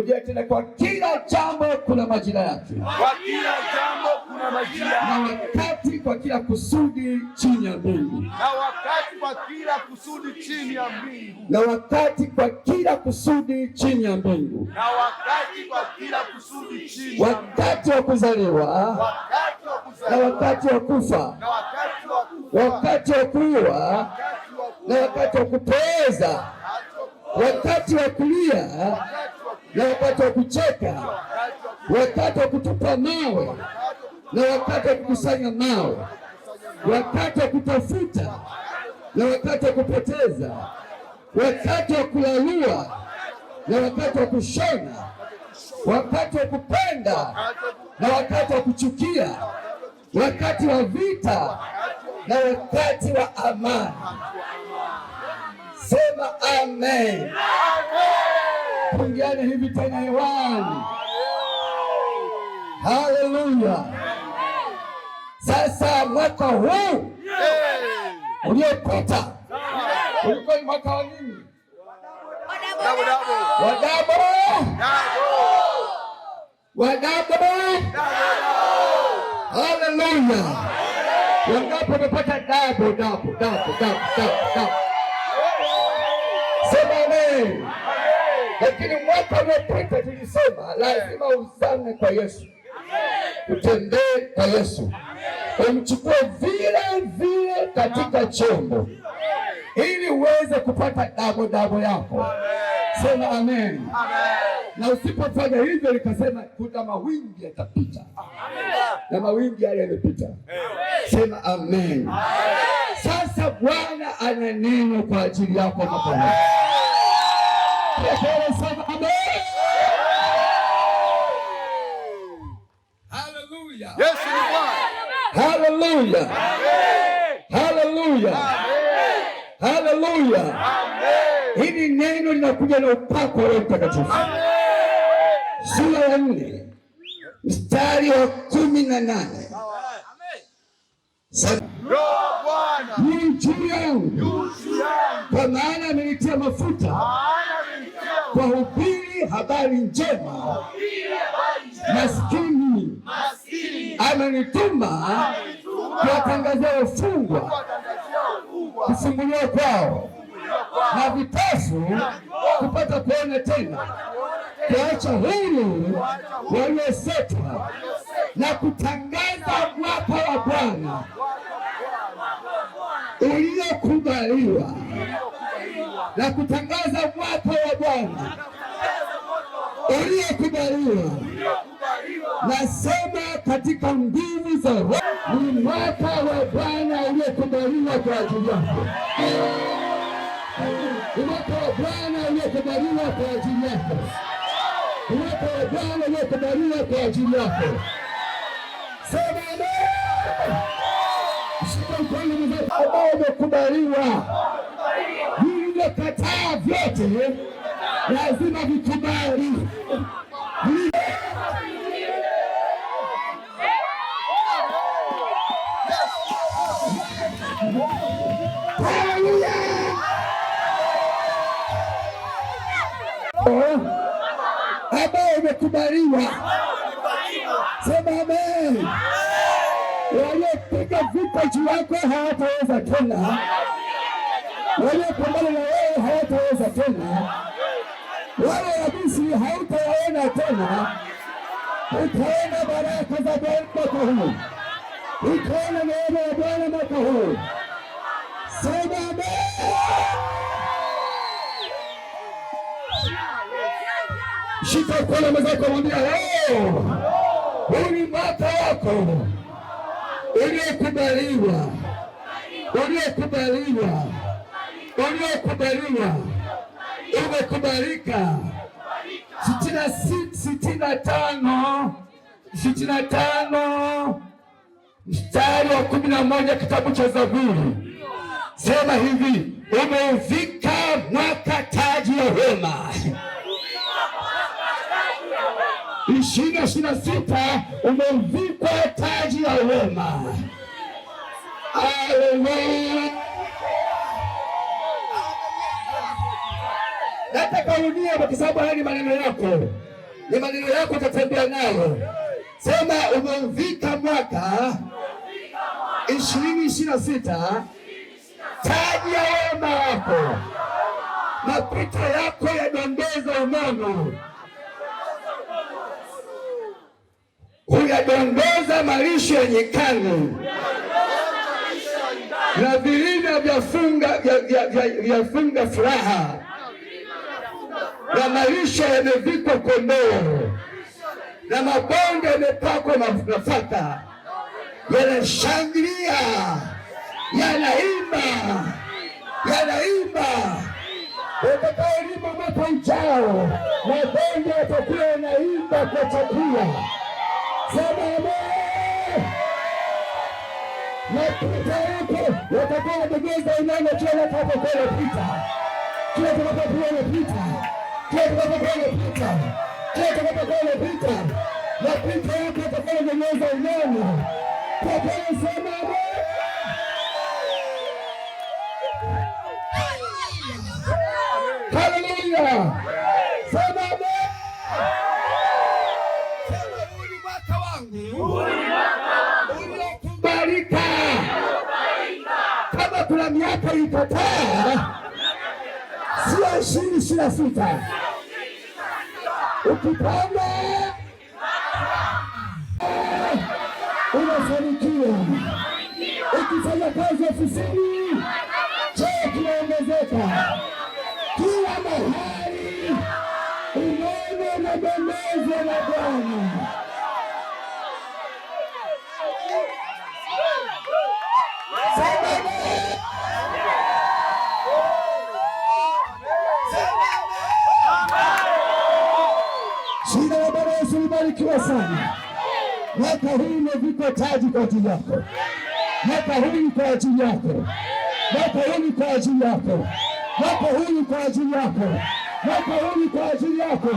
Rudia tena, kwa kila jambo kuna majira yake, kwa kila jambo kuna majira yake, na wakati kwa kila kusudi chini ya mbingu, na wakati kwa kila kusudi chini ya mbingu, na wakati kwa kila kusudi chini ya mbingu, na wakati kwa kila kusudi chini ya mbingu, wakati wa kuzaliwa, wakati wa kuzaliwa, na wakati wa kufa, na wakati wa kufa, wakati wa kuua, na wakati wa kupooza, wakati wa kulia na wakati wa kucheka, wakati wa kutupa mawe na wakati wa kukusanya mawe, wakati wa kutafuta na wakati wa kupoteza, wakati wa kulalua na wakati wa kushona, wakati wa kupenda na wakati wa kuchukia, wakati wa vita na wakati wa amani. Sema amen. Pungiane hivi tena hewani. Haleluya! Sasa mwaka huu uliopita ulikuwa ni mwaka wa nini? Wadabo, wadabo. Haleluya! Wangapi wamepata dabo? Dabo, dabo, dabo, dabo. Sema amen. Lakini mwaka uliopita tulisema lazima uzame kwa Yesu, utembee kwa Yesu, umchukue vile vile katika chombo ili uweze kupata dabo dabo yako. Sema amen. Na usipofanya hivyo, nikasema kuna mawingi yatapita, na mawingi yale yamepita. Sema amen. Sasa Bwana ana neno kwa ajili yako. Haleluya! Hili neno linakuja na upako wa Roho Mtakatifu. Sura ya nne mstari wa kumi na nane ni juu yangu, kwa maana amenitia mafuta kwa hubiri habari njema maskini. Amenituma kuwatangazia wafungwa kufunguliwa kwao na vipofu kupata kuona tena, kuacha huru waliosetwa na kutangaza mwaka wa Bwana uliokubaliwa la kutangaza mwaka wa Bwana uliokubaliwa. Nasema katika nguvu za Roho, ni mwaka wa Bwana uliokubaliwa kwa ajili yako, mwaka wa Bwana uliokubaliwa kwa ajili yako, mwaka wa Bwana uliokubaliwa kwa ajili yako. Sema amekubaliwa Kataa vyote lazima vikubali. Ambayo imekubaliwa, sema amen. Waliopiga vita juu yako hawataweza tena, waliopambana na Misri tena, wale wa Misri hautawaona tena. Utaona baraka za Bwana mwaka huu, utaona neema ya Bwana mwaka huu. Sema shika mkono mwenzako, mwambia huu ni mwaka wako uliokubaliwa, uliokubaliwa uliokubalika umekubalika. sitini na tano sitini na tano mstari wa kumi na moja kitabu cha Zaburi sema hivi, umeuvika mwaka taji ya wema. ishirini na ishirini na sita umeuvikwa taji ya wema. dunia kwa sababu haya ni maneno yako, ni maneno yako, utatembea nayo. Sema umeuvika mwaka ishirini ishirini na sita taji ya wema wako, mapito yako yadondoza unono, huyadondoza malisho ya nyikani na vilima vyafunga furaha na maisha yamevikwa kondoo na mabonde yamepakwa nafaka, yanashangilia, yanaimba, yanaimba. Utakaolima mwaka ujao, mabonde yatakuwa yanaimba kwa chakula. Sema matutaeko watakuwa wanageza inano kila takapokuwa napita, kila takapokuwa napita kila tutakapokuwa tunapita, kila tutakapokuwa tunapita na pita yake atakalo nyonyeza unyonyo kwa pole sana. Haleluya! kuna miaka ilikataa, sio ishirini ishirini na sita O que é. Uma só mentira. O que faz a causa oficina. taji kwa ajili yako, mwaka huu kwa ajili yako, mwaka huu kwa ajili yako, mwaka huu kwa ajili yako, mwaka huu kwa ajili yako,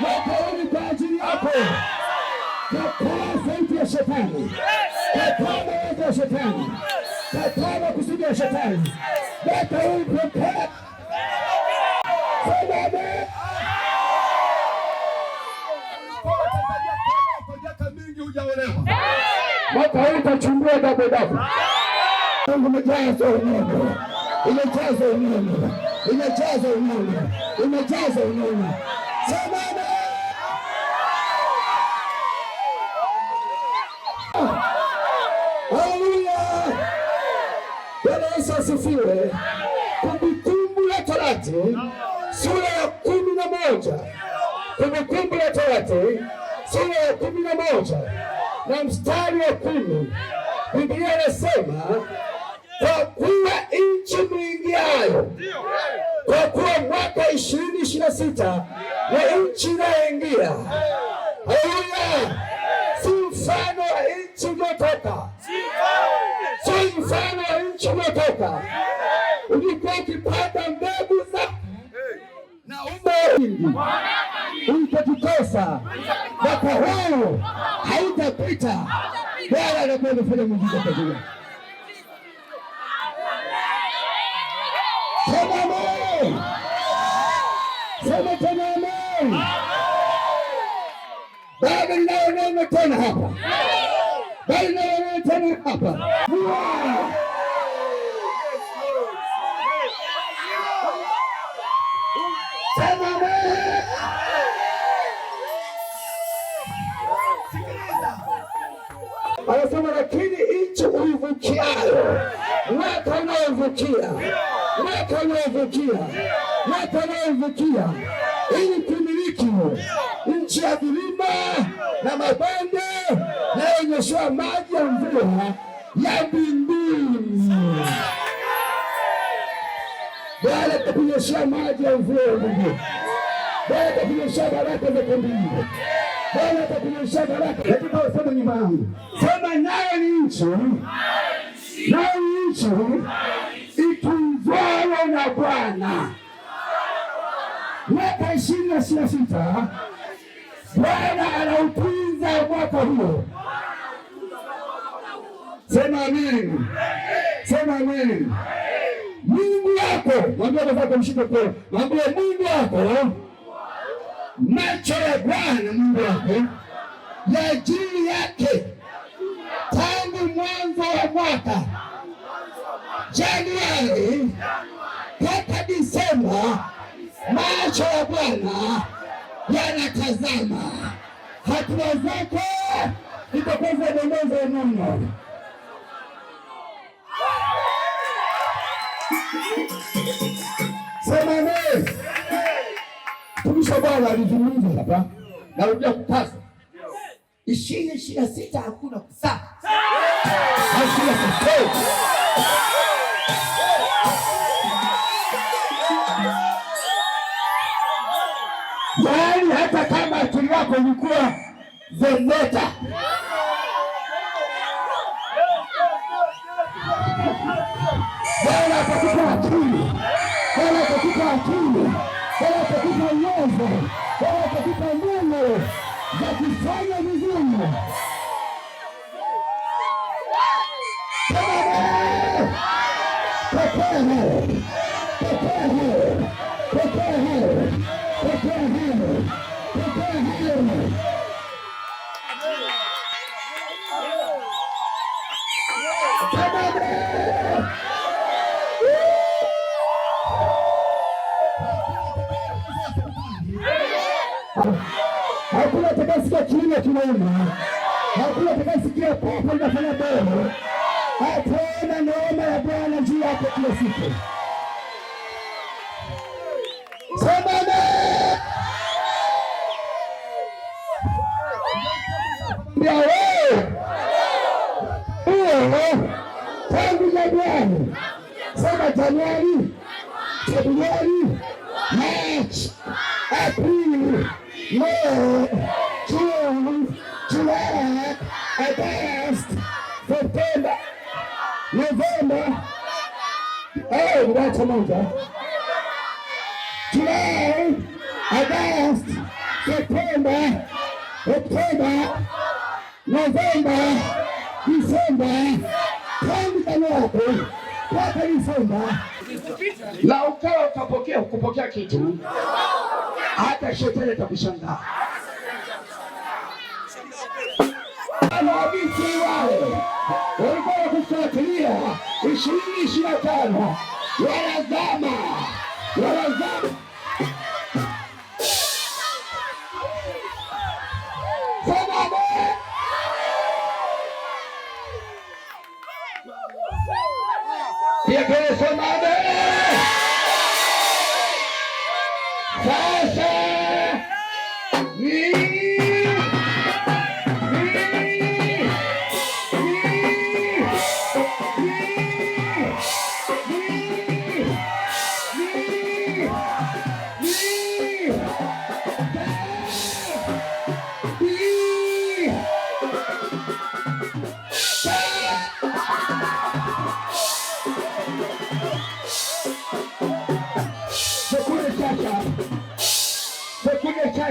mwaka huu kwa ajili yako. Kataa sauti ya shetani, kataa mawazo ya shetani, kataa makusudi ya shetani. Mwaka huu pokea watu hautachumbua dabo dabo. Mungu umejaza umeme, umejaza umeme, umejaza umeme, umejaza umeme samana Haleluya! Bwana Yesu asifiwe. Kumbukumbu la Torati sura ya kumi na moja Kumbukumbu la Torati sura ya kumi na moja na mstari wa kumi Biblia inasema kwa kuwa nchi mwingiayo, kwa kuwa mwaka ishirini ishirini na sita na nchi inayoingia. Haleluya! si mfano wa nchi uliotoka, si mfano wa nchi uliotoka. Ulikuwa ukipata mbegu za na ume wingi, ulikotukosa mwaka huu utapita. Bwana anakwenda kufanya muujiza katika sema sema tena amen. Bado ninaona tena hapa, bado ninaona tena hapa lakini nchi uivukiayo, weka nayovukia weka nayovukia weka nayovukia ili kumiliki nchi ya vilima na mabonde na yenyeshewa maji ya mvua ya mbinguni. Bwana atakunyeshea maji ya mvua ya mbinguni. Bwana atakunyeshea baraka za kambini. Bwana atakunyeshea baraka. katika useme nyuma yangu nayo ni nchi, nayo ni nchi itunzwayo na Bwana. Mwaka ishirini na ishirini na sita Bwana anautunza mwaka huo. Sema amini, sema amini. Mungu yako, mwambie mwenzako, mshike kwa, mwambie Mungu wako, macho ya Bwana Mungu wako ya juu yake mwanzo wa mwaka Januari mpaka Disemba, macho ya Bwana yanatazama hatua zake. Itakuza wa nono semane tumisha Bwana alizungumza hapa, narudia kupasa ishirini ishirini na sita hakuna kusaa yaani, hata kama akili yako ilikuwa zezeta Bwana atakupa akili না hakuna atakayesikia kiuno kinauma, hakuna atakayesikia popo linafanya boho. Ataona neema ya Bwana juu yako kila siku. Semane tangu Januari, sema Januari, Februari, Machi, Aprili Lord, June, July, August, Septemba, Novemba, eh, wacha moja. July, August, Septemba, Oktoba, Novemba, Disemba, kanikano wako Disemba, na ukawa ukapokea kupokea kitu hata shetani atakushangaa. Maafisa wale walikuwa wakufuatilia ishirini ishirini na tano wanazama wanazama. Sema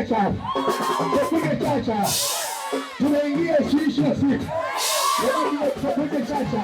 chacha, tupige chacha, tunaingia ishirini na sita. Tupige chacha.